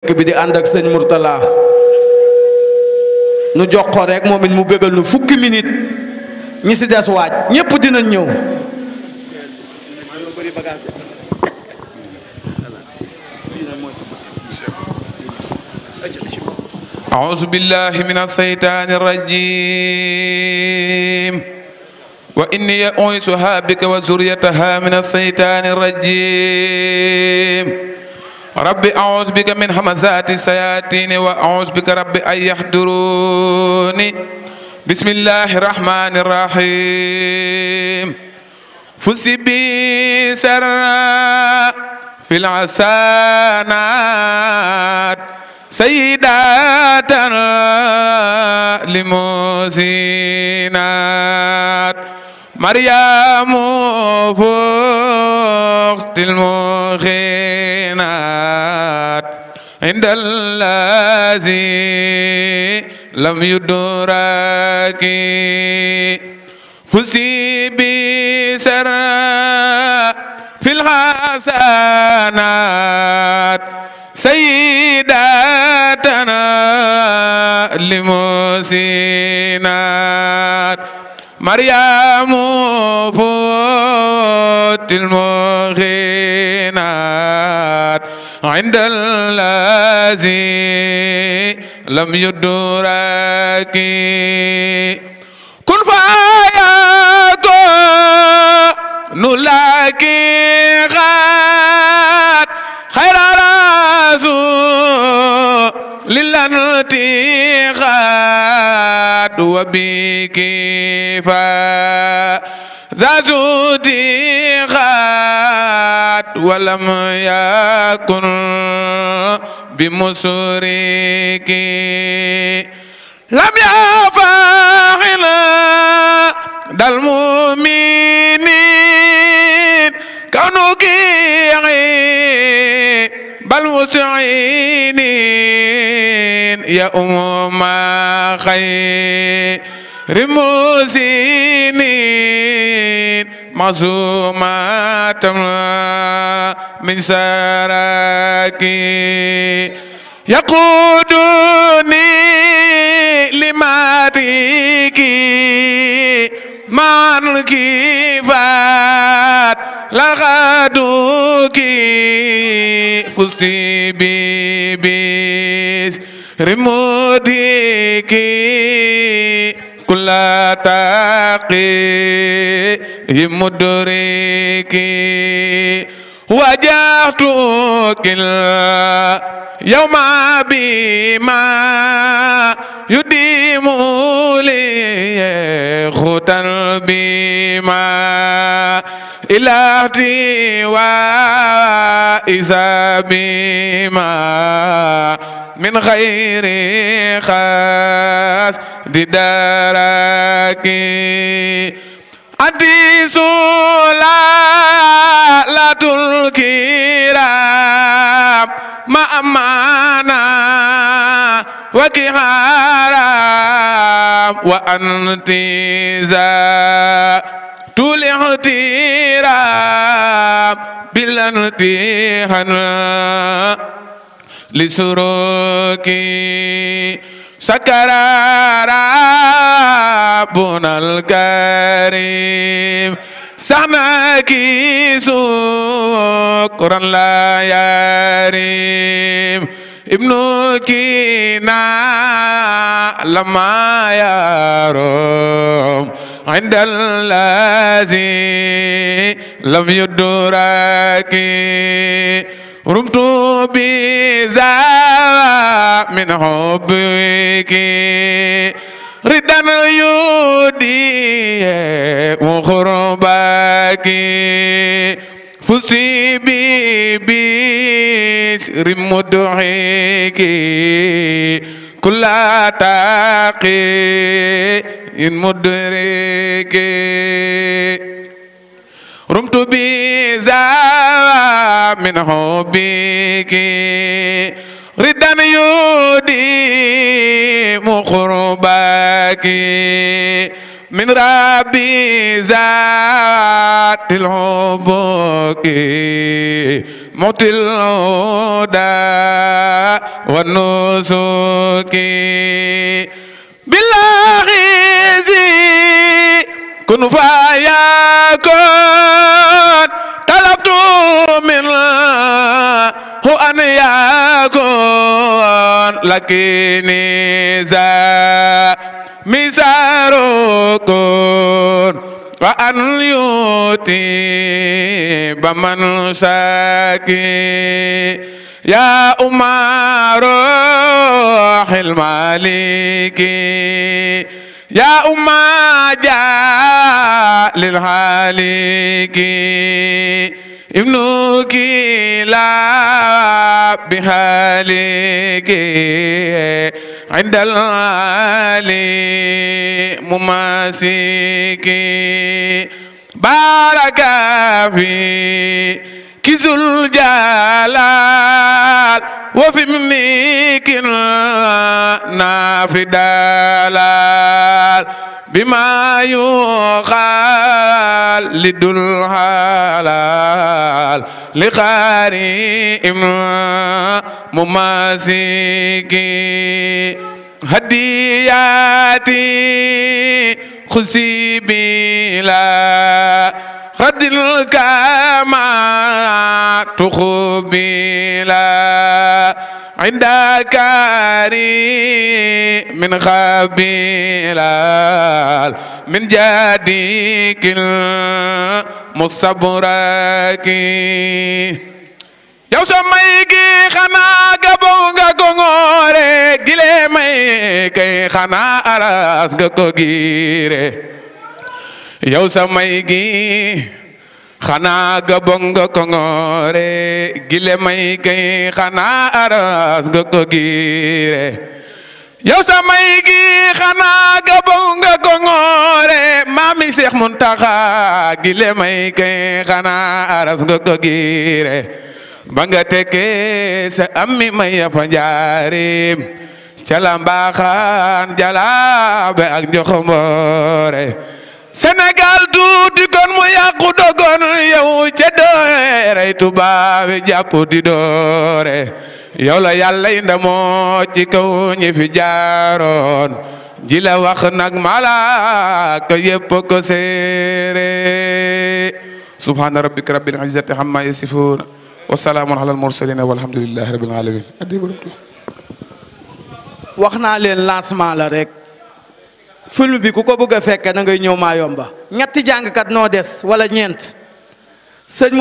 bi di ànd sëñ Mourtala jox ko rek moom mu bégal nu fukki minute ñi si des waaj ñépp dinañ ñëw أعوذ بالله من الشيطان الرجيم وإني أعيذها rabbi a'uuzu bika min hamazaati sayaatiini wa a'uuzu bika rabbi an yahduruuni bismillaahi rahmaani rahiim fusibi sarra fil hasanaat sayyidatan limusinaat maryamu fuxtil muxi عند الذي لم يدرك حسي بسرى في الحسنات سيداتنا لمسينات مريم فوت المغيب عند الذي لم يدرك كن فيكون لك غاد خير رسول للانتي غاد وبك فزودي غاد ولم يكن بمسرك لم يفاخل دا المؤمنين كونك بل مستعينين يا أم خير المسنين معصومة من سراكي يقودني لماتك مع الكفات لغدوك فزت ببس رمودك كل تقي مدركي وجهتك اليوم بما يديم لي خطا بما إلهتي وإذا بما من غير خاص دداركي hadiisu laalatul kiram ma amana wa kiharam wa antiza tul ihtiram bil antihan li suruki شكر ربنا الكريم سماكي سكرا لا يريم ابنك لما يروم عند الذي لم يدرك رمت بذلك من حبك ردا يودي مخربك فزت ببسر مدحك كل تاقي مدرك رمت بزاوى من حبك ردا جودي مقربك من ربي ذات الحبك موت الهدى والنسك بالله زي كن فيكون لكيني زا مساركون وأن يوتي بمن شاكي يا أمار روح المالك يا أما جاء للحالك ابنك لا بحالك عند العالي مماسك بارك في kizul jalal wa fi mikin nafidalal bima yuqal lidul halal li xaari imna mumasiki hadiyati xusi bila ردل كما تخبيلا عند كاري من خبيلا من جديك المستبرك yow sa may xanaa ga gongoore gile may xanaa aras ga yow sa may gi xanaa ga bong nga ko ngoore gile may kay xanaa aras nga ko giire sa may gi xanaa ga bong nga ko ngoore maami Seex Muntaxa gile may kay xanaa aras nga ko giire ba nga tekkee sa may ya njaarim cala mbaaxaan jalaabe ak njoxomboore Sénégal tuuti kon mu yàqu dogon yow ca doore tubaabe jàpp di doore la yàlla inda moo ci kaw ñi fi jaaroon wax nag malaaka yépp ko séere subhaana rabbika rabbil izzati amma yasifuuna wa salaamun alal mursaliina walhamdulillahi rabbil aalamiin wax naa leen lancement la rek film bi ku ko bëgg a fekke na ngay ñëw maa yomba ñetti jàngkat noo des wala ñeent sëñ